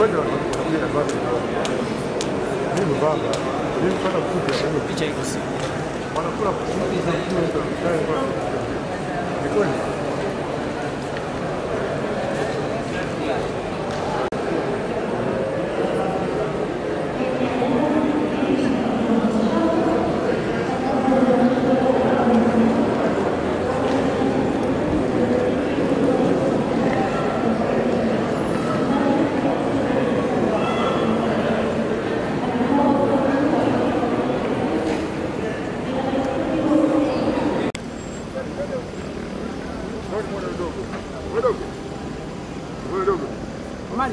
kwenda wanakuja picha iko siku wanakula kusiku za mtu wa ni kweli Pas mal